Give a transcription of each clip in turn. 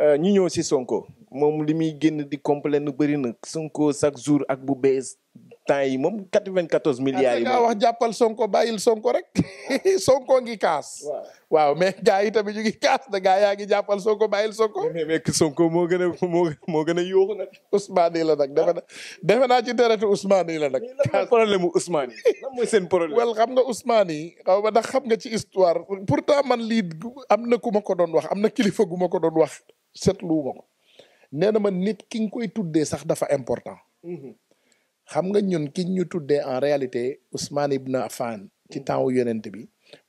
Euh, ñu ñëw si Sonko moom li muy génn di complain bëri na Sonko chaque jour ak bu bees temps yi moom 94 milliards yi. Ah, wax jàppal Sonko bàyyil Sonko rek Sonko ngi kaas. waaw mais gars yi tamit ñu ngi kaas da gars yaa ngi jàppal Sonko bàyyil Sonko. mais mais Sonko moo gën a moo moo gën a yóoxu nag. Ousmane yi la nag defe naa defe naa ci deretu Ousmane yi la nag. lan problème mu Ousmane yi lan seen problème. wel xam nga Ousmane yi xaw xam nga ci histoire pourtant man lii am na ku ma ko doon wax am na kilifa gu ko doon wax. seetlu ko ko nee na ma nit ki koy tuddee sax dafa important. Mm-hmm. xam nga ñun ki ñu tuddee en réalité Ousmane Ibn Affan ci mm-hmm. temps wu yonent bi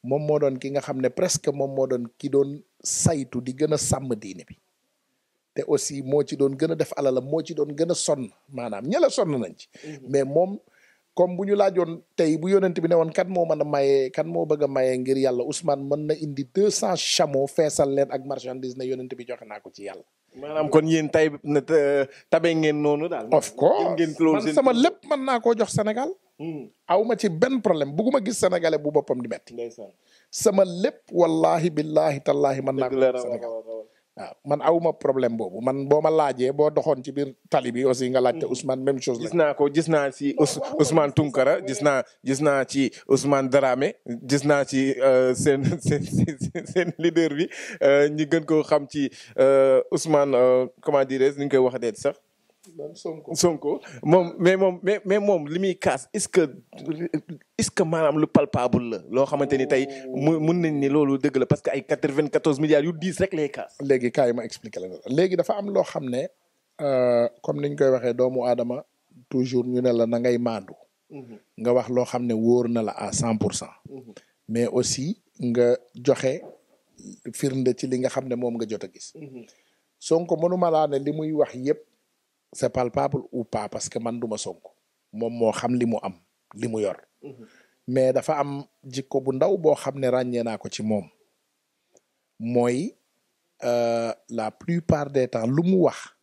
moom moo doon ki nga xam ne presque moom moo doon ki doon saytu di gën a sàmm diine bi te aussi moo ci doon gën a def alala moo ci doon gën a sonn maanaam ña la sonn nañ ci mm-hmm. mais moom. comme bu ñu laajoon tey bu yonent bi ne woon kan moo mën a maye kan moo bëgg a maye ngir yàlla Ousmane mën na indi deux cent chameaux feesal leen ak marchandise ne yonent bi joxe naa ko ci yàlla. maanaam kon yéen tay tabe ngeen noonu daal. of course sama lépp man naa koo jox Sénégal. Hmm. aw ma ci benn problème bugguma gis sénégalais bu boppam di metti. sama lépp wallahi billahi tallahi mën naa ko jox Sénégal. waaw man awuma problème boobu man boo ma laajee boo doxoon ci biir tali bi aussi nga laajte mm-hmm. Ousmane même chose la. gis ko gis naa ci Ousmane Tunkara gis naa gis naa ci Ousmane Dramé gis naa ci euh, seen seen seen leader bi euh, ñi gën ko xam ci euh, Ousmane comment dirais-je ni ñu koy waxatee sax. Sonko Sonko moom mais moom mais mais moom li muy kaas est-ce que est-ce que maanaam lu palpable la loo xamante ni tey mu oh. mun nañ ni loolu dëgg la parce que ay quatre-vingt-quatorze milliards yu diis rek lay kaas. léegi kaay ma expliqué la léegi dafa am loo xam ne euh, comme niñ koy waxee doomu aadama toujours ñu ne la na ngay maandu. Mhm. nga wax loo xam ne wóor na la à cent pour cent. Mhm. mais aussi nga joxe firnde ci li nga xam ne moom nga jot gis. Mhm. Sonko mënuma laa ne li muy wax yëpp. c'est palpable ou pas parce que man duma Sonko moom moo xam li mu am li mu yor mm-hmm. mais dafa am jikko bu ndaw boo xam ne ràññee naa ko ci moom mooy euh, la plupart des temps lu mu wax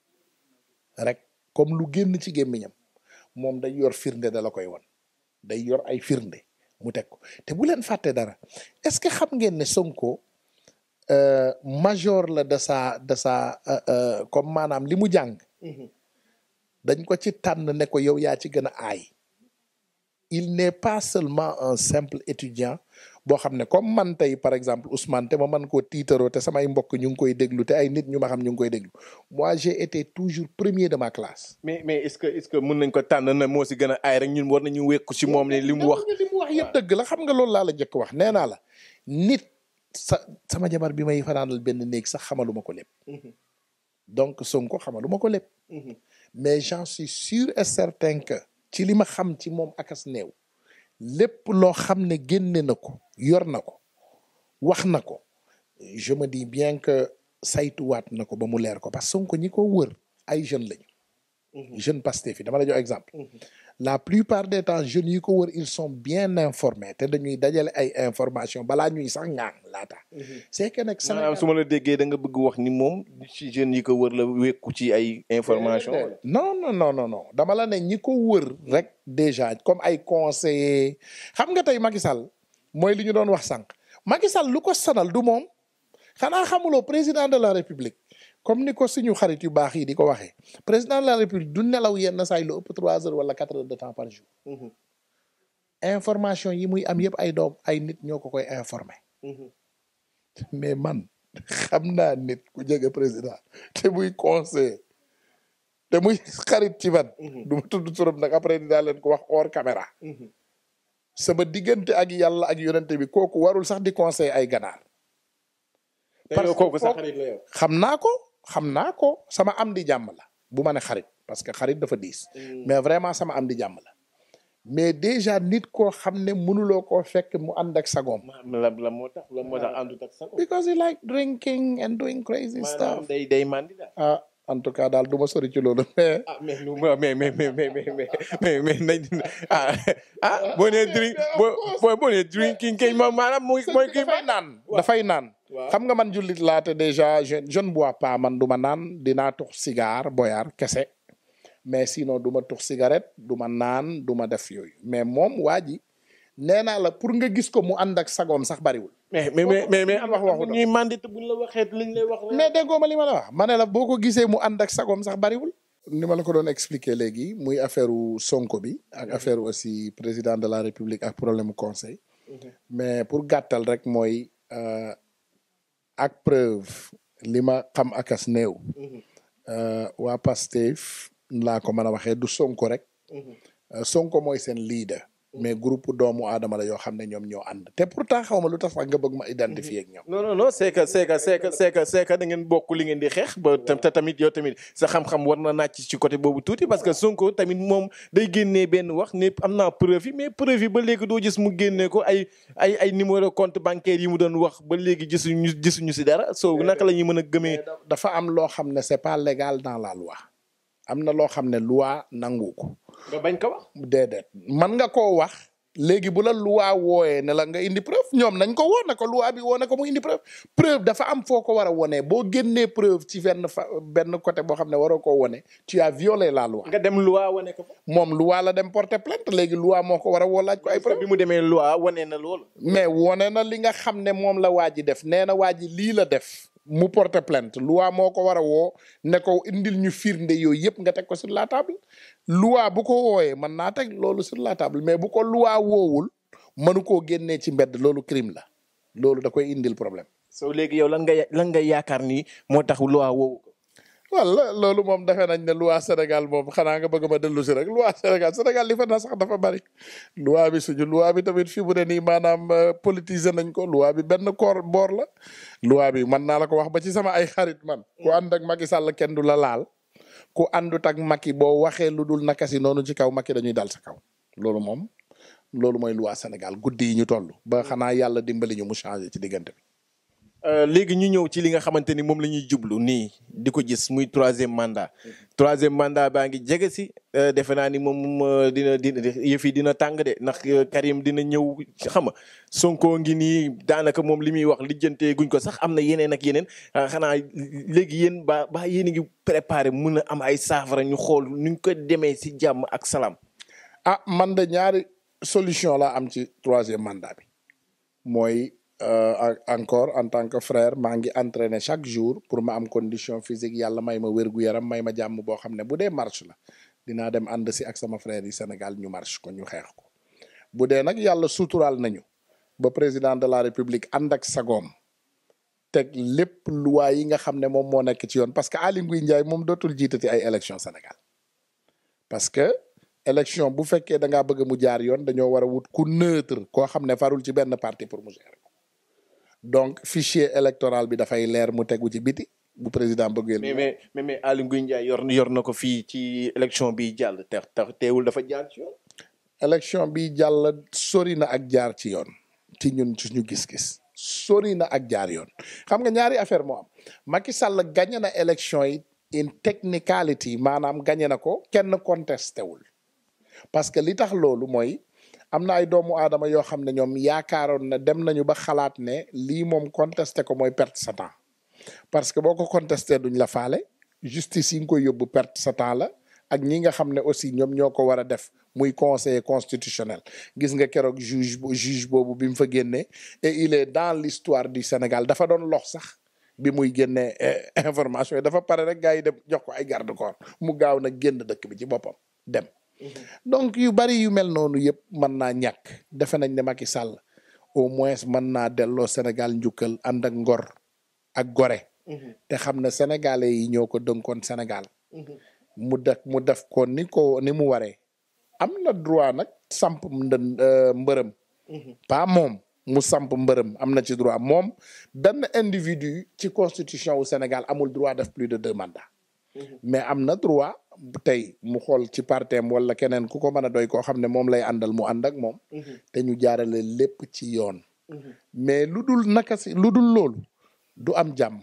rek comme lu génn ci gémmiñam moom day yor firnde da la koy wan day yor ay firnde mu teg ko te bu leen fàtte dara est-ce que xam ngeen ne Sonko euh, major la de sa de sa euh, comme maanaam li mu jàng mm-hmm. dañ ko ci tànn ne ko yow yaa ci gën a aay il n'est pas seulement un simple étudiant boo xam ne comme man tey par exemple Ousmane te ma man koo tiitaroo te samay mbokk ñu ngi koy déglu te ay nit ñu ma xam ñu ngi koy déglu mois j'ai été toujours premier de ma classe. mais mais est-ce que est-ce que mën nañ ko tànn na moo si gën a aay rek ñun war nañu wékku si moom ne li mu li mu wax yëpp dëgg la xam nga loolu laa la njëkk wax nee naa la nit sa sama jabar bi may fanaanal benn néeg sax xamaluma ko lépp. Mhm. donc Sonko xamaluma ko lépp. Mhm. mais j'en suis sûr et certain que ci li ma xam ci moom akas néew lépp loo xam ne génne na ko yor na ko wax na ko je me dis bien que saytuwaat na ko ba mu leer ko parce que Sonko ñi ko wër ay jeunes lañu Mhm. jeune Pastef yi dama la jox exemple. Mhm. la plupart des temps jeunes yi ko wër ils sont bien informés te ñuy dajale ay information balaa ñuy sax ñaan laata. Mhm. c'est que nag Sénégal su ma la déggee da nga bëgg wax ni moom ci yi ko wër la wekku ci ay information non non non non non dama la ne ñi ko wër rek déjà comme ay conseillers xam nga tey Macky Sall mooy li ñu doon wax sànq Macky Sall lu ko sanal du moom xanaa xamuloo président de la République. comme ni ko suñu xarit yu baax yi di ko waxee président la république du nelaw yenn saa yi lu ëpp trois heures wala quatre heures de temps par jour. Mm-hmm. information yi muy am yëpp ay doom ay nit ñoo ko koy informé mm-hmm. mais man xam na nit ku jege président te muy conseil te muy xarit ci man. Mm-hmm. du ma tudd turam nag après ko wax hors caméra. sama diggante ak yàlla ak yonente bi kooku warul sax di conseil ay ganaar. xam naa ko. xam naa ko sama am di jàmm bu ma ne xarit parce que xarit dafa diis. Mm. mais vraiment sama am di jàmm mais déjà nit koo xam ne mënuloo koo fekk mu ànd ak sagoom. la moo tax la moo tax àndut because he like drinking and doing crazy stuff. en tout cas daal du ma sori ci ah mais mais mais mais mais mais mais nañ kii moom mooy mooy kii naan. dafay naan. xam nga man julit laa te déjà je je ne bois pas man du ma naan dinaa tux cigare boyar kese mais sinon du ma tux cigarette du ma naan du ma def yooyu mais moom waa ji nee naa la pour nga gis ko mu ànd ak sagoom sax bariwul. mais mais mais mais am wax waxu ñuy mandit la waxee liñ lay wax. mais déggoo ma la wax ma ne la boo ko gisee mu ànd ak sagoom sax bariwul. ni ma la ko doon expliquer léegi muy affaire Sonko bi ak affaire aussi président de la république ak problème mu conseil. mais pour gàttal rek mooy euh, ak preuve li ma xam akas néew. Mhm. Euh, waa Pastef laa ko mën a waxee du Sonko rek. Mhm. Euh, Sonko mooy seen leader. mais groupe doomu adama la yoo xam ne ñoom ñoo ànd te pourtant xaw ma lu tax sax nga bëgg ma identifier ak ñoom. non non non c'est que c'est que c'est ngeen li ngeen di xeex ba te tamit yow tamit sa xam-xam war na nàcc ci côté boobu tuuti parce que Sonko tamit moom day génnee benn wax ne am naa preuve yi mais preuve ba léegi doo gis mu génnee ko ay ay ay numéro compte bancaire yi mu doon wax ba léegi gisuñu gisuñu si dara soo naka la ñuy mën a gëmee. dafa am loo xam ne c'est pas légal dans la am na loo xam ne loi nangu ko. bañ ko wax. déedéet man nga koo wax. léegi bu la loi wooyee ne la nga indi preuve ñoom nañ ko woo ne ko loi bi woo ko mu indi preuve preuve dafa am foo ko war a wonee boo génnee preuve ci benn fa benn côté boo xam ne waroo koo wone tu as violé la loi. nga dem loi wone ko. moom loi la dem porte plainte léegi loi moo ko war a laaj ko ay preuve. bi mu demee loi wone na loolu. mais wone na li nga xam ne moom la waa ji def nee na waa ji lii la def. mu porter plainte loi moo ko war a woo ne ko indil ñu firnde yooyu yëpp nga teg ko sur la table loi bu ko wooyee mën naa teg loolu sur la mais bu ko loi mënu koo génnee ci mbedd loolu crime la loolu da koy indil problème. so léegi yow langa nga lan nga yaakaar ni moo tax loi woowu wala loolu moom defe nañ ne loi Sénégal moom xanaa nga bëgg ma dellu si rek loi Sénégal Sénégal li fa na sax dafa bari loi bi suñu loi bi tamit fii bu ne nii maanaam euh, politiser nañ ko loi bi benn koor boor la loi bi man naa la ko wax ba ci sama ay xarit man ku mm. ànd ak Macky Sall kenn du la laal ku àndut ak Macky boo waxee lu dul naka si noonu ci kaw Macky dañuy daal sa kaw loolu moom loolu mooy loi Sénégal guddi yi ñu toll ba mm. xanaa yàlla dimbali ñu mu changé ci diggante bi Euh, léegi ñu ñëw ci li nga xamante ni moom la ñuy jublu nii di ko gis muy troisième mandat troisième mandat baa ngi jege si euh, defe naa ni moom euh, dina dina yëf yi dina tàng de ndax Karim dina ñëw xam nga Sonko ngi nii daanaka moom li muy wax lijjantee guñ ko sax am na yeneen ak yeneen ah, xanaa léegi yéen ba ba yéen a ngi préparé mun a am ay saafara ñu xool nuñ ko demee si jàmm ak salaam. ah man de ñaari solution laa am ci troisième mandat bi Euh, encore en tant que frère maa ngi entraîner chaque jour pour ma am condition physique yàlla may ma wérgu yaram may ma jàmm boo xam ne bu dee marche la dinaa dem ànd si ak sama frère yi Sénégal ñu marche ko ñu xeex ko bu dee nag yàlla suturaal nañu ba président de la république ànd ak sagoom teg lépp loi yi nga xam ne moom moo nekk ci yoon parce que Aly Ngouille Ndiaye moom dootul jiitati ay élection Sénégal parce que élection bu fekkee da ngaa bëgg mu jaar yoon dañoo war a wut ku koo xam ne farul ci benn parti pour mu gérer donc fichier électoral bi dafay leer mu tegu ci biti bu président bëggee. mais mais mais Aly Ngouille Ndiaye yor yor na ko fii ci élection bi jàll te tax teewul dafa jaar ci yoon. élection bi jàll sori na ak jaar ci yoon ci ñun suñu gis-gis sori na ak jaar yoon xam nga ñaari affaire moo am Macky Sall gagné na élection yi in technicality maanaam gagné na ko kenn contesté wul parce que li tax loolu mooy. am na ay doomu aadama yoo xam ne ñoom yaakaaroon na dem nañu ba xalaat ne lii moom contesté ko mooy perte sa temps parce que boo ko contesté duñ la faale justice yi nga koy yóbbu perte sa temps la ak ñi nga xam ne aussi ñoom ñoo ko war a def muy conseiller constitutionnel gis nga keroog juge juge boobu bi mu fa génnee et il dans l'histoire du Sénégal dafa doon lox sax bi muy génnee eh, information yi dafa pare rek gars yi dem jox ko ay garde corps mu gaaw nag génn dëkk bi ci boppam dem donc yu bari yu mel noonu yëpp mën naa ñàkk defe nañ ne Macky Sall au moins man naa delloo Sénégal njukkal ànd ak ngor ak gore. te xam na sénégalais yi ñoo ko dënkoon Sénégal. mu def mu def ko ni ko ni mu waree. am na droit nag samp euh, mbërëm. pa moom mu samp mbërëm am na ci droit moom benn individu ci constitution wu Sénégal amul droit def plus de deux mandats. Mhm. mais am na droit tey mu xool ci parteem wala keneen ku ko mën a doy koo xam ne moom lay àndal mu ànd ak moom. Mhm. te ñu jaarale lépp ci yoon. Mhm. mais lu dul naka lu dul loolu du am jàmm.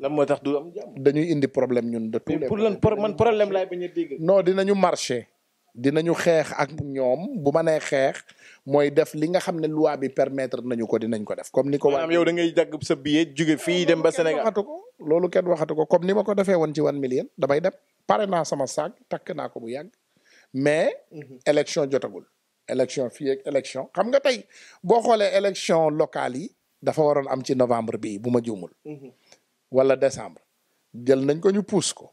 lan moo tax du am jàmm. dañuy indi problème ñun de. tous les pour lan man problème laay bañ a dégg. dinañu marché. dina ñu xeex ak ñoom bu ma nee xeex mooy def li nga xam ne loi bi permettre nañu ko dinañ ko def comme ni ko. maanaam yow da ngay dagg sa billet jóge fii dem ba Sénégal waxatu ko loolu kenn waxatu ko comme ni ma ko defee woon ci wan million dabay dem pare naa sama saag takk naa ko bu yàgg mais. Mhm. élection jotagul. élection fii ak élection xam nga tey boo xoolee élection locale yi dafa waroon am ci novembre bii bu ma juumul. Mhm. wala décembre jël nañ ko ñu pousse ko.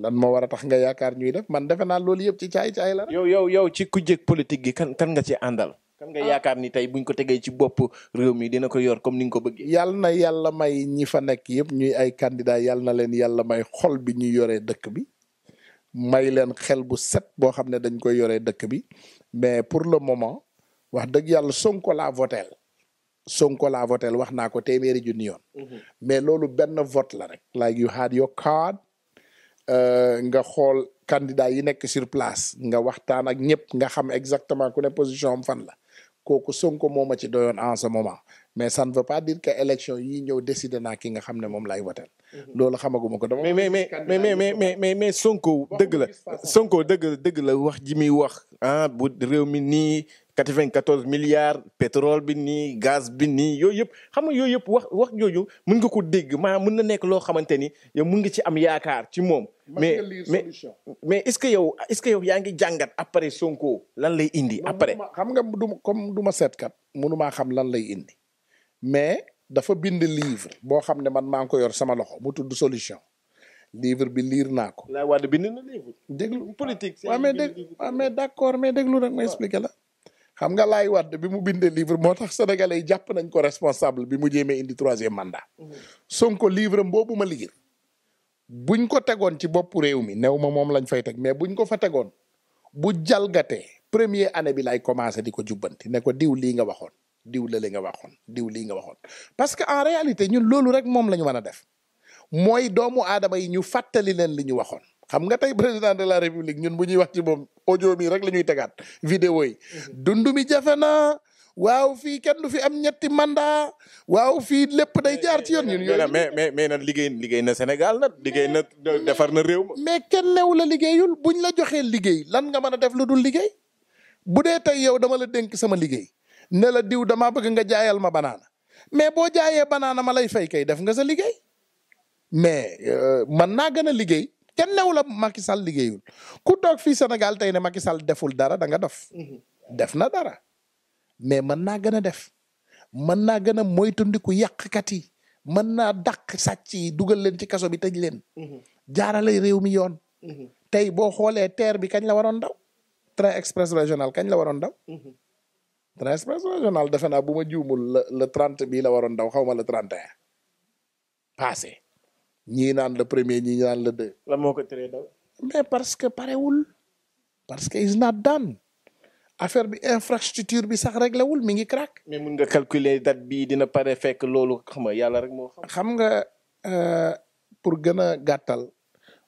lan moo war a tax nga yaakaar ñuy def man defe naa loolu yëpp ci caay-caay la. yow yow yow ci kujjeg politique gi kan nga ci àndal. kan nga ah. yaakaar ni tey buñ ko tegee ci bopp réew mi dina ko yor comme ni ko bëggee. yàlla na yàlla may ñi fa nekk yëpp ñuy ay candidat yàlla na leen yàlla may xol bi ñuy yoree dëkk bi may leen xel bu set boo xam ne dañ koy yoree dëkk bi mais pour le moment wax dëgg yàlla Sonko la votel Sonko la votel wax naa ko téeméeri junni yoon. Mhm. mais loolu benn Euh, nga xool candidat yi nekk sur place nga waxtaan ak ñëpp nga xam exactement ku ne position am fan la kooku Sonko moom ma ci doyoon en ce moment mais ça ne veut pas dire que élection yi ñëw décidé naa ki nga xam ne moom lay woteel. Mhm. loolu xamaguma ko dama. mais mais mais mais mais mais mais Sonko dëgg la Sonko dëgg dëgg la wax ji muy wax ah bu réew mi nii 94 milliards pétrole bi nii gaz bi nii yooyu yëpp xam nga yooyu yëpp wax wax jooju mën nga ko dégg maanaam mën na nekk loo xamante ni yow mën nga ci am yaakaar ci moom. mais mais mais est que yow yaa ngi jàngat après Sonko lan lay indi. après xam nga du comme du ma seetkat mënumaa xam lan lay indi mais dafa bind livre boo xam ne man maa ngi ko yor sama loxo mu tudd solution. livre bi liir naa ko. laa waa bind na livre. déglu politique. déglu rek ma expliqué la. xam nga Laay Wade bi mu bindee livre moo tax sénégalais yi jàpp nañ ko responsable bi mu jéemee indi troisième mandat. Mhm. Sonko livre am ma liir buñ ko tegoon ci bopp réew mi new ma moom lañ fay teg mais buñ ko fa tegoon bu jalgatee premier année bi lay commencé di ko jubbanti ne ko diw lii nga waxoon diw la li nga waxoon diw lii nga waxoon. parce que en réalité ñun loolu rek moom la ñu mën a def mooy doomu aadama yi ñu fàttali leen li ñu waxoon. xam nga tey président de la république ñun bu ñuy wax ci moom audio mi rek la ñuy tegaat vidéo yi mhm. dund mi jafe na waaw fii kenn du fi am ñetti mandat waaw fii lépp day jaar ci yoon ñun yooyu mais mais na nag liggéey liggéey na Sénégal na liggéey na defar na réew ma mais kenn lew la liggéeyul buñ la joxee liggéey lan nga mën a def lu dul liggéey bu dee tey yow dama la denk sama liggéey ne la diw damaa bëgg nga jaayal ma banaana mais boo jaayee banaana ma lay fay kay def nga sa liggéey mais euh, mën naa gën a liggéey kenn newu la Macky Sall liggéeyul ku toog fii Sénégal tey ne Macky Sall deful dara danga nga dof mhm. def na dara mais man naa gën a def mën naa gën a moytandiku yàqkat yi mën naa dàq sàcc yi dugal leen ci kaso bi tëj leen mhm. jaarale réew mi yoon mhm. tey boo xoolee TER bi kañ la waroon daw train express régional kañ la waroon daw train express régional defe naa bu ma juumul le le trente bii la waroon daw xaw ma le trente un ñii naan le premier ñii naan le deux. lan moo ko teree daw. mais parce que parewul parce que is daan affaire bi infrastructure bi sax réglé wul mi ngi crack. mais mun nga calculer dat bii dina pare fekk loolu xam nga yàlla rek moo xam. xam nga euh, pour gën a gàttal.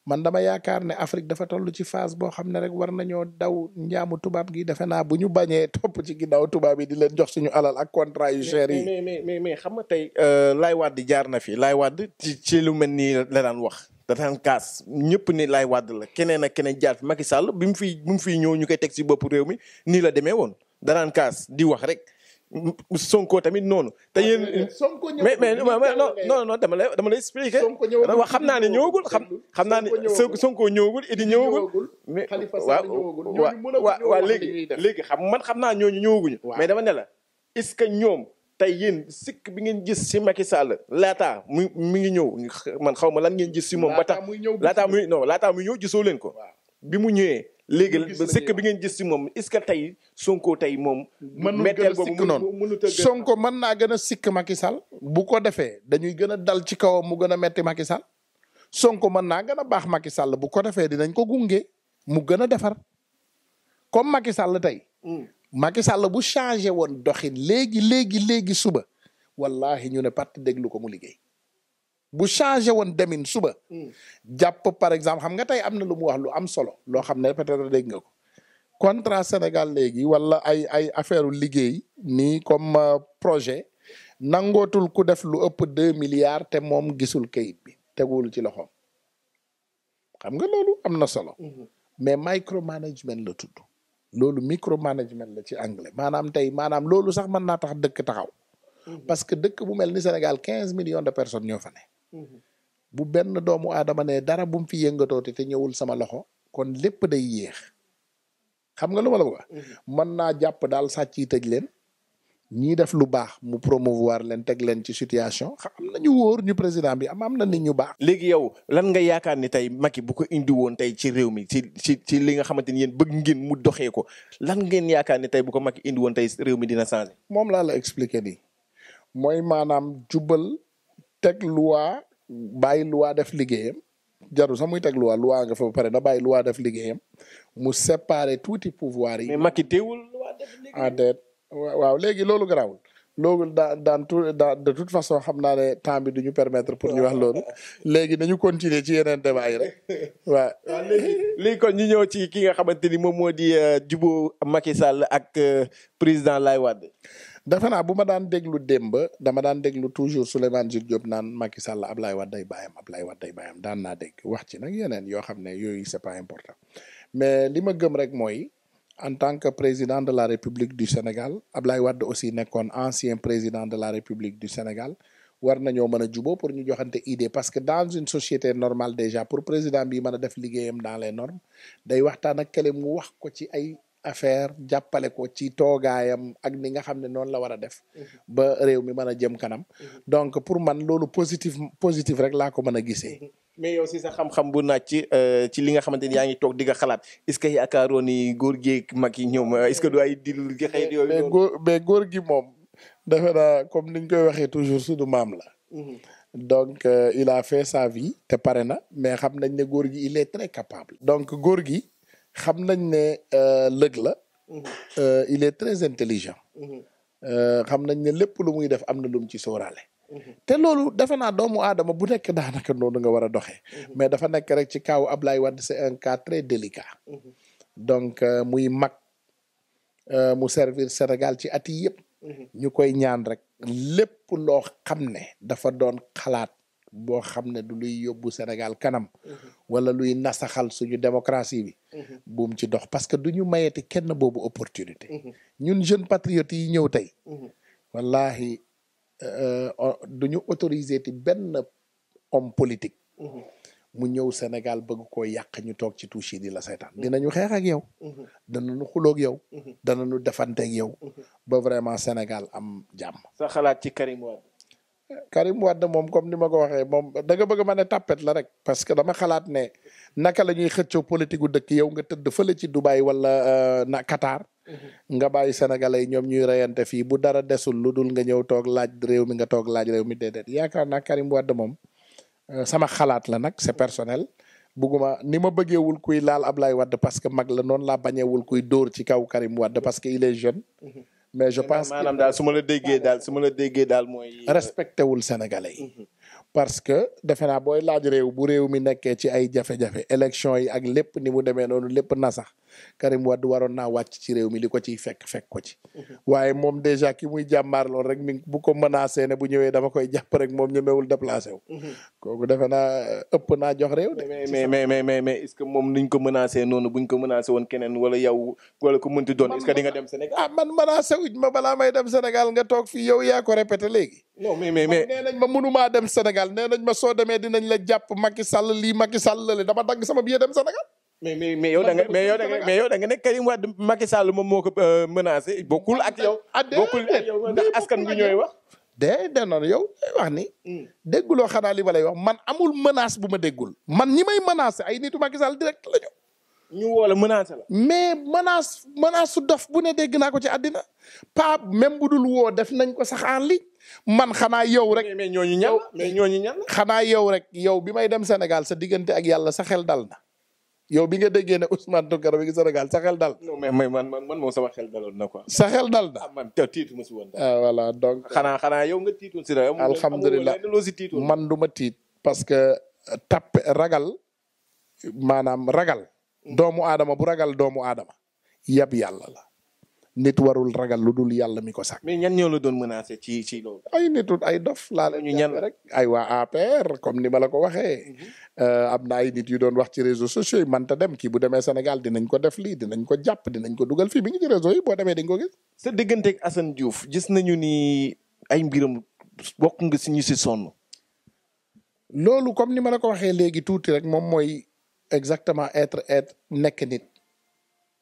man dama yaakaar ne Afrique dafa toll ci phase boo xam ne rek war nañoo daw njaamu tubaab gi defe na bu ñu bañee topp ci ginnaaw tubaab yi di leen jox suñu alal ak contrat yu cher yi. mais mais xam nga tey. Euh, Laay Wade jaar na fi Laay Wade ci ci lu mel nii la daan wax. da daan kaas ñëpp ni Laay Wade la keneen ak keneen jaar fi Macky Sall bi mu fiy bi mu fiy ñëw ñu koy teg si bopp réew mi nii la demee woon da daan kaas di wax rek. Sonko tamit noonu. te ah, yéen mais mais non non non dama lay dama lay expliqué. wax xam naa ne ñëwagul xam xam naa ne Sonko ñëwagul Idi ñëwagul. mais waaw waaw waaw léegi léegi xam man xam naa ñooñu ñëwaguñu. mais dama ne la est-ce que ñoom. tey yéen sikk bi ngeen gis si Macky Sall laataa mu mi ngi ñëw man xaw ma lan ngeen gis si moom ba tax laataa muy non laataa muy ñëw gisoo leen ko bi mu ñëwee léegi sikk bi ngeen gis si moom est-ce que tey Sonko tey moom. metteel boobu noonu Sonko mën naa gën a sikk Macky Sall bu ko defee dañuy gën a dal ci kawam mu gën a metti Macky Sall Sonko mën naa gën a baax Macky Sall bu ko defee dinañ ko gunge mu gën a defar comme Macky Sall tey. Hmm. Macky Sall bu changé woon doxin léegi léegi léegi suba. wallahi ñu ne parti déglu ko mu liggéey. bu changé woon demin suba. Hmm. jàpp par exemple xam nga tey am na lu mu wax lu am solo loo xam ne peut-être dégg nga ko. contrat Sénégal léegi wala ay ay affaire liggéey ni comme euh, projet nangootul ku def lu ëpp deux milliards te moom gisul kayit bi teguwul ci loxoom xam nga loolu am na solo. Hmm. mais micromanagement la tudd. loolu micromanagement la ci anglais maanaam tey maanaam loolu sax mën naa tax dëkk taxaw. Hmm. parce que dëkk bu mel ni Sénégal quinze millions de personnes ñoo fa Mm-hmm. bu benn doomu adama aadama ne dara bu mu nga yëngatooti te ñëwul sama loxo kon lépp day yéex xam nga lu ma la bëgg mm-hmm. mën naa jàpp daal sàcc yi tëj leen ñii def lu baax mu promouvoir leen teg leen ci situation xam am na ñu wóor ñu président bi am am na nit ñu baax. léegi yow lan nga yaakaar ni tey Macky bu ko indi woon tey ci réew mi ci ci ci li nga xamante ni yéen bëgg ngeen mu doxee ko lan ngeen yaakaar ni tey bu ko Macky indi woon tey réew mi dina changé. moom laa la expliqué nii teg loi bàyyi loi def liggéeyam jaru sax muy teg loi loi nga fa pare na bàyyi loi def liggéeyam mu séparer tuuti pouvoir yi. mais Macky teewul loi def liggéeyam. ah waaw léegi loolu garaawul. loolu daan daan tout daan de toute façon xam naa ne temps bi du ñu permettre pour ñu wax loolu léegi nañu continuer ci yeneen débat rek waaw. waaw ah, ñu ñëw ci kii nga xamante ni moom moo di euh, jubóo Macky Sall ak euh, président Laye Wade. defe naa bu ma daan déglu démb dama daan déglu toujours Souleymane Jules Diop naan Macky Sall Ablaye Wade day bàyyam Ablaye Wade day bàyyam daan naa dégg wax ci nag yeneen yoo xam ne yooyu c'est pas important mais li ma gëm rek mooy en tant que président de la République du Sénégal Ablaye Wade aussi nekkoon ancien président de la République du Sénégal war nañoo mën a juboo pour ñu joxante idée parce que dans une société normale déjà pour président bi mën a def liggéeyam dans les normes day waxtaan ak kële mu wax ko ci ay affaire jàppale ko ci toogaayam ak ni nga xam ne noonu la war a def. Mhm. ba réew mi mën a jëm kanam. Mhm. donc pour man loolu positif positif rek laa ko mën a gisee. Mhm. mais yow si sa xam-xam bu naaj ci euh, ci li nga xamante ni yaa ngi toog di nga xalaat est-ce que yaakaaroon ni góor gi mag yi ñoom euh, est-ce que ay dilul gi xëy yooyu. mais gi moom. defe naa comme niñ koy waxee toujours suñu maam la. donc euh, il a fait sa vie. te pare na mais xam nañ ne góor gi il est très capable. donc góor gi. xam nañ ne euh, lëg la mhm. euh, il est très intelligent mhm. euh, xam nañ ne lépp lu muy def am na lu mu ci sóoraale mhm. te loolu defe naa doomu aadama bu nekk daanaka noonu nga war a doxee mais dafa nekk rek ci kaw Ablaye Wade c'est un cas très délicat donc muy mag mu servir Sénégal ci at yi yëpp ñu koy ñaan rek lépp loo xam ne dafa doon xalaat boo xam ne du luy yóbbu Sénégal kanam mm-hmm. wala luy nasaxal suñu démocratie bi mm-hmm. buum ci dox parce que du ñu mayeti kenn boobu opportunité mm-hmm. ñun jeune patriotes yi ñëw tey wallahi euh, euh, du ñu autoriser ti benn homme politique mu ñëw Sénégal bëgg koo yàq ñu toog ci touche di la seetaan ñu xeex ak yow danañu xuloog yow danañu defanteeg yow ba vraiment Sénégal am jàmm sa ci Karim Karim Wade moom comme nima ma ko waxee moom da nga bëgg ma ne tàppet la rek parce que dama xalaat ne naka la ñuy xëccoo politique gu dëkk yow nga tëdd fële ci Dubaï wala euh, na Qatar. Mm-hmm. nga bàyyi sénégalais ñoom ñuy reyante fii bu dara desul lu dul nga ñëw toog laaj réew mi nga toog laaj réew mi déedéet yaakaar naa Karim Wade moom euh, sama xalaat la nag c'est personnel. bugguma ni ma bëggeewul kuy laal Ablaye Wade parce que mag la noonu laa bañeewul kuy dóor ci kaw Karim Wade parce que il est mais je pense que maanaam daal su déggee daal su ma la déggee daal mooy. Euh, respecté wul sénégalais mhm. parce que defe naa booy laaj rew bu réew mi nekkee ci ay jafe-jafe élection yi ak lépp ni mu demee noonu lépp na sax Karim Wade waroon naa wàcc ci réew mi li fekk fekk ko waaye moom dèjà ki muy rek mi bu ko menacé bu ñëwee dama koy jàpp rek moom ñemewul déplacé wu. ko mënti doon est-ce que dem Sénégal. ah man menacé ma balaa may dem Sénégal nga toog fii yow yaa répété léegi. nee nañ ma mënumaa dem Sénégal nee nañ ma soo dinañ la jàpp Macky Sall lii Macky Sall dama dagg sama billet dem Sénégal mais mais mais yow da nga mais yow da nga mais yow da nga nekk Karim Wade Macky Sall moom moo ko euh, menacé bokkul ak yow. Ah, bokkul ak yow ndax askan bi ñooy wax. de de noonu yow wax ni. Hmm. dégguloo xanaa li ma lay man amul menace bu ma déggul. man ñi may menacé ay nitu Macky Sall direct ñu. ñu woo la menacé la. su dof bu ne dégg naa ko ci àddina pa même bu woo def nañ ko sax en man xanaa yow rek. mais ñooñu ñan mais ñooñu ñan. xanaa yow rek yow bi may dem Sénégal sa diggante ak yàlla sa xel dal na. yow bi nga déggee ne Ousmane Tounkara bi ngi Sénégal sa xel dal. non mais man man man moom sama xel daloon na quoi. sa dal na ah, man te tiitu ma si woon. ah voilà donc. xanaa xanaa yow nga tiitu si rek. alhamdulilah man du ma tiit. parce que tapp ragal maanaam ragal. Mm. doomu aadama bu ragal doomu aadama yab yàlla la. nit warul ragal lu dul yàlla mi ko sàkk. mais ñan ñoo la doon menacé ci ci loolu. ay nitu ay dof laa la ñu ñan rek ay waa APR comme ni ma la ko waxee. Mhm. Euh, am na ay nit yu doon wax ci réseaux sociaux yi manta dem kii bu demee Sénégal di nañ ko def lii dinañ ko jàpp nañ ko dugal fii bi ngi ci réseaux yi boo demee di nga ko gis. sa digganteeg Assane Diouf gis nañu ni ay mbiram bokk si ñu si sonn. loolu comme ni ma la ko waxee léegi tuuti rek moom mooy exactement être être nekk nit.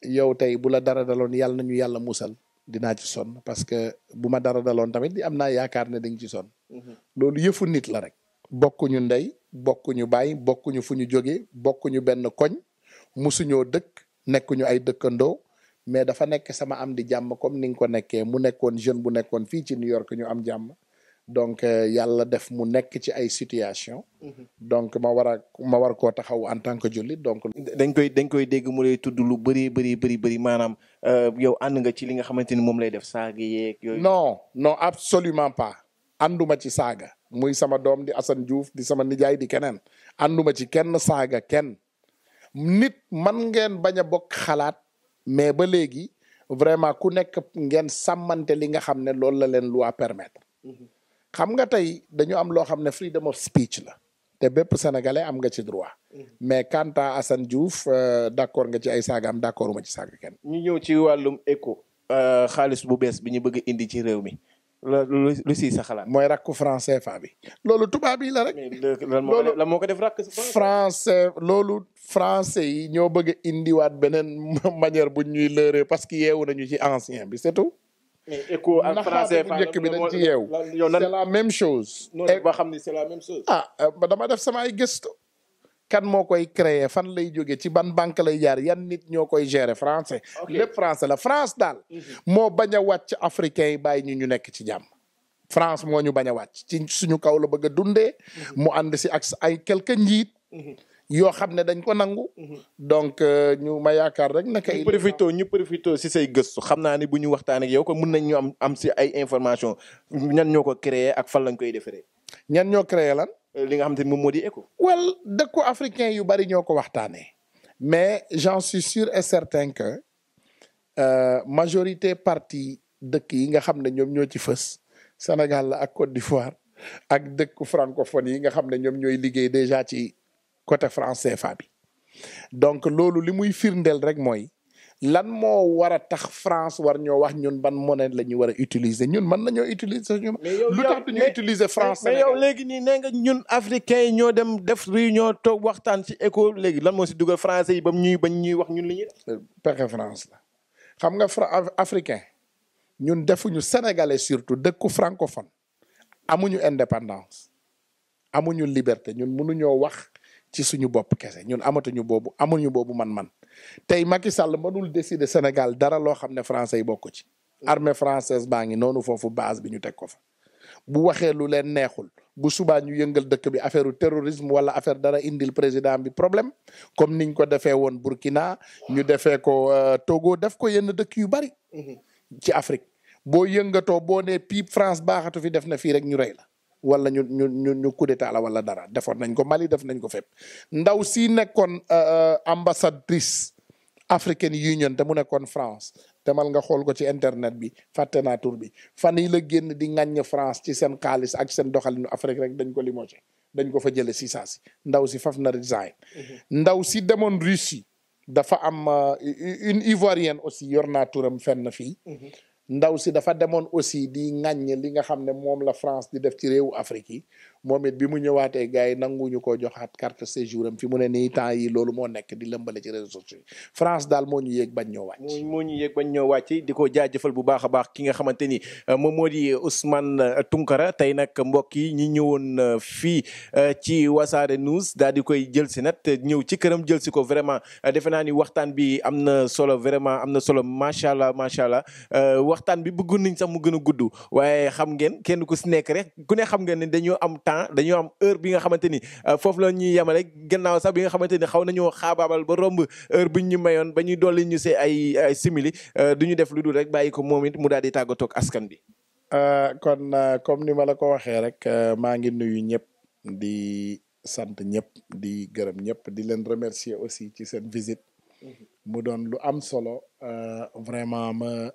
yow tey bu la dara daloon yàlla nañu yàlla musal dinaa ci son parce que bu ma dara daloon tamit am naa yaakaar ne dañ ci sonn mm-hmm. loolu yëfu nit la rek bokkuñu ndey bokkuñu baay bokkuñu fu ñu jóge bokkuñu benn koñ musuñoo dëkk nekkuñu ay dëkkandoo mais dafa nekk sama am di jàmm comme ni nga ko nekkee mu nekkoon jeune bu nekkoon fii ci New York ñu am jàmm donc euh, yàlla def mu nekk ci ay situation mhm. donc ma war a ma war koo taxaw en tant que jullit donc. dañ koy dañ koy dégg mu lay tudd lu bëri bëri bëri bëri maanaam euh, yow ànd nga ci li nga xamante ni moom lay def saaga yeeg yooyu. non non absolument pas ànduma ci saaga. muy sama doom di Assane Diouf di sama nijaay di keneen ànduma ci kenn saaga kenn nit man ngeen bañ a bokk xalaat mais ba léegi vraiment ku nekk ngeen sàmmante li nga xam ne loolu la leen loi permettre. Mhm. xam nga tey dañu am loo xam ne freedom of speech la te bépp sénégalais am nga ci droit mm-hmm. mais quant à Assane Diouf euh, d' accord nga ci ay saagaam d' accord ma ci saaga kenn. ñu ñëw ci wàllum éco euh, xaalis bu bees bi ñu bëgg indi ci réew mi. lu sa xalaat. mooy rakku franc CFA bi. loolu tubaab yi la rek. loolu moo ko def rakk français euh, loolu français yi ñoo bëgg a indiwaat beneen manière bu ñuy lëree parce que yeewu nañu ci ancien bi c'est mais écho ak français bu njëkk bi dañ ci yeew c'est la même chose. non ba xam ni c'est la même chose. ah ba dama def samay ay kan moo koy créer fan lay jóge ci ban banque lay jaar yan nit ñoo koy gérer français. lépp français la France daal. Mhm. moo bañ a wàcc africain yi bàyyi ñu ñu nekk ci jàmm. France moo ñu bañ a wàcc ci suñu kaw la bëgg a dundee. Mhm. mu ànd si ak ay quelques njiit. Mhm. yoo xam ne dañ ko nangu. Mhm. donc euh, ñu ma yaakaar rek naka. ñu profité ñu profité si say gëstu xam naa ni bu ñu waxtaan ak yow ko mun nañ ñu am si ay information ñan ñoo ko créé ak fan lañ koy defaree. ñan ñoo créé lan. Euh, li nga xam te moom moo di ECHO. well dëkku africain yu bari ñoo ko waxtaanee. mais j'en suis sûr et certain euh, majorité parti dëkk yi nga xam ne ñoom ñoo ci fës Sénégal la ak Côte d'Ivoire ak dëkku francophone yi nga xam ne ñoom ñooy liggéey déjà ci. côté franc CFA bi donc loolu li muy firndeel rek mooy lan moo war a tax France war ñoo wax ñun ban monnaie la ñu war a utiliser ñun mën ñoo utiliser lu tax du ñu utiliser France mais léegi nii nee nga ñun africains yi ñoo dem def réunion toog waxtaan ci ECO léegi lan moo si dugal français yi ba ñuy ba ñuy wax ñun li ñuy euh, pexe France xam nga fra ñun defuñu sénégalais surtout dëkku francophone amuñu indépendance amuñu liberté ñun mënuñoo wax. ci suñu bopp kese ñun amatuñu boobu amuñu boobu man-man tey Macky Sall mënul décider Sénégal dara loo xam ne français yi bokk ci. armée française baa ngi noonu foofu base bi ñu teg ko fa. bu waxee lu leen neexul bu subaa ñu yëngal dëkk bi affaire terrorisme wala affaire dara indil président bi problème comme niñ ko defee woon Burkina ñu defee ko euh, Togo def ko yenn dëkk yu bari. Mhm. ci Afrique boo yëngatoo boo nee pipe France baaxatu fi def na fii rek ñu rey la. wala ñu ñu ñu ñu coup d'état la wala dara defoon nañ ko Mali def nañ ko fépp ndaw si nekkoon euh, euh, ambassadrice African Union te mu nekkoon France demal nga xool ko ci internet bi fàtte naa bi fan yi la génn di ŋàññ France ci seen xaalis ak seen doxalin Afrique rek dañ ko limo limogé dañ ko fa jëlee si saa si ndaw si faf na resign mhm. ndaw si demoon Russie dafa am euh, une Ivoirienne aussi yor naa turam fenn fii mhm. ndaw si dafa demoon aussi di ŋàññ li nga xam ne moom la France di def ci réewu Afrique yi moom it bi mu ñëwaatee gars yi ñu koo joxaat carte séjour am fi mu ne nii temps yi loolu moo nekk di lëmbale ci réseaux sociaux France daal moo ñu yéeg bañ ñoo wàcc moo ñu yéeg bañ ñoo wàcc di ko jaajëfal bu baax baax ki nga xamante ni euh, moom moo di Ousmane euh, Tunkara tey nag mbokk yi ñi ñëwoon euh, fii ci Wassare News daal di koy jël si nag ñëw ci këram jël si ko vraiment defe naa ni waxtaan bi am na solo vraiment am na solo macha allah macha allah waxtaan bi bëggoon nañ sax mu gën a gudd waaye xam ngeen kenn ku si nekk rek ku ne xam ngeen ne dañoo am temps dañoo am heure bi nga xamante ni euh, foofu la ñuy yemale gannaaw sax bi nga xamante ni xaw nañoo xaabaabal ba romb heure buñ ñu mayoon ba ñuy dolli ñu se ay ay simili euh, du ñu def lu dul rek bàyyi ko moom it mu daal di tàggatoo ak askan bi. Euh, kon comme ni ma la ko waxee rek maa ngi nuyu ñëpp di sant ñëpp di gërëm ñëpp di leen remercier aussi ci seen visite. Mm-hmm. mu doon lu am solo vraiment ma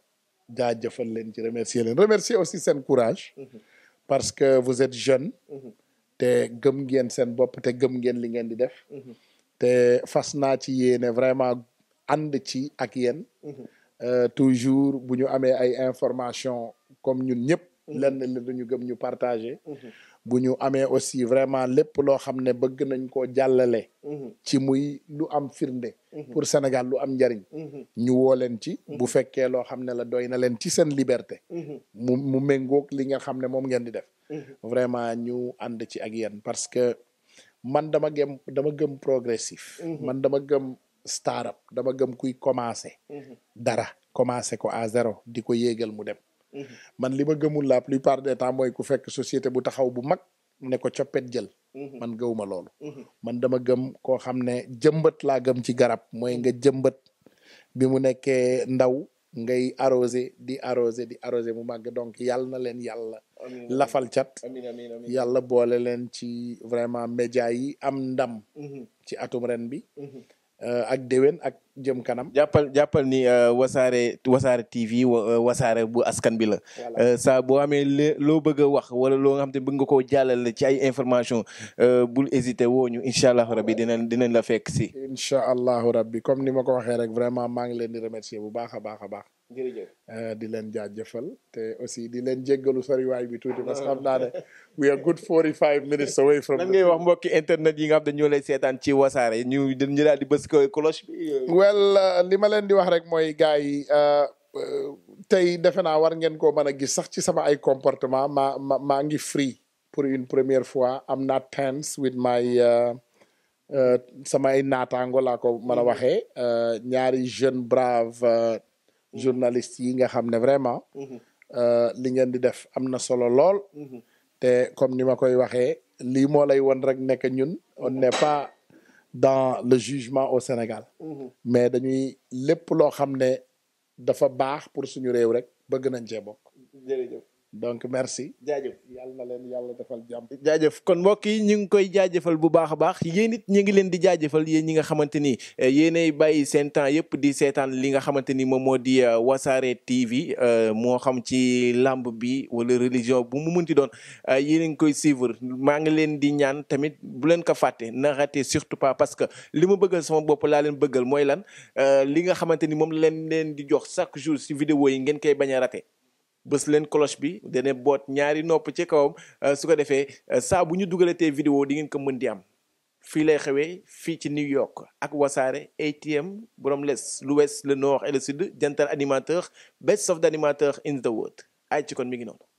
jaajëfal leen ci remercier leen remercier aussi seen courage. Mm-hmm. parce que vous êtes jeune. Mhm. te gëm ngeen seen bopp te gëm ngeen li ngeen di def. Mhm. te fas naa ci yéene vraiment ànd ci ak yéen. Mhm. Euh, toujours bu ñu amee ay information comme ñun ñëpp. lenn la gëm ñu partagé. bu ñu amee aussi vraiment lépp loo xam ne bëgg nañ koo jàllale. Mhm. ci muy lu am firnde. Mhm. pour Sénégal lu am njariñ. Mhm. ñu woo leen ci. bu fekkee loo xam ne la doy na leen ci seen liberté. mu mu méngoog li nga xam ne moom ngeen di def. vraiment ñu ànd ci ak yéen parce que man dama gëm dama gëm progressif. man dama gëm start-up dama gëm kuy commencer. dara commencer ko à zéro di ko yéegal mu dem. Mm-hmm. man li ma gëmul la plupart des temps mooy ku fekk société bu taxaw bu mag ne ko coppet jël. Mm-hmm. man gëwuma loolu. Mm-hmm. man dama gëm koo xam ne jëmbat laa gëm ci garab mooy nga jëmbat bi mu nekkee ndaw. ngay arrosé di arrosé di arrosé mu màgg donc yàlla na leen yàlla lafal cat yàlla boole leen ci vraiment média yi am ndam ci atum ren bi euh, ak déwén jëm kanam jàppal jàppal ni euh, wasaare wasaare TV wasaare euh, bu askan bi la. Euh, saa boo amee loo bëgg a wax wala loo nga xam te bëgg nga koo jàllale ci ay information bul hésiter woo ñu incha allah rabbi dinañ dinañ la fekk si. incha allahu rabbi comme ni ma ko waxee rek vraiment maa ngi leen di remercier bu baax a baax a baax. jërëjëf euh, di leen jaajëfal te aussi di leen jéggalu soriwaay bi tuuti parce que xam naa ne we are good 45 minutes away from. nan ngay wax mbokki internet yi nga xam ne lay seetaan ci wasaare ñu ñu daal di bës cloche bi. Euh. well euh, li ma leen di wax rek mooy gars yi tey defe naa war ngeen ko mën a gis sax ci sama ay comportement maa ma maa ngi free pour une première fois am naa tense with my. samay naataango laa ko mën a mm-hmm. waxee ñaari jeune brave journaliste yi nga xam ne vraiment mhm. euh, li ngeen di def am na solo lool mhm. te comme ni ma koy waxee lii moo lay won rek nekk ñun on mhm. n'est pas dans le jugement au Sénégal mais dañuy lépp loo xam ne dafa baax pour suñu réew rek bëgg nañ cee bokk donc merci jaajëf yàlla na defal jàmm jaajëf kon mbokk yi ñu ngi koy jaajëfal bu baax a baax yéen it ñu ngi leen di jaajëfal yéen ñi nga xamante ni eh, yéenay bàyyi seen temps yëpp di seetaan li nga xamante ni moom moo di eh, wasaare TV eh, moo xam ci lamb bi wala religion bu mu munti doon yéen ngi koy suivre maa ngi leen di ñaan tamit bu leen ko fàtte na surtout pas parce que li ma bëggal sama bopp laa leen bëggal mooy lan li nga xamante ni moom leen leen di jox chaque jour si vidéo yi ngeen koy bañ a raté bës leen cloche bi dene boot ñaari nopp ci kawam euh, su ko defee euh, saa bu ñu te vidéo di ngeen ko mën di am fii lay xewee fii ci New York ak wasaare ATM borom l'est l'ouest le nord et le sud jantal animateur best of animateur in the world ay ci kon mi ngi noonu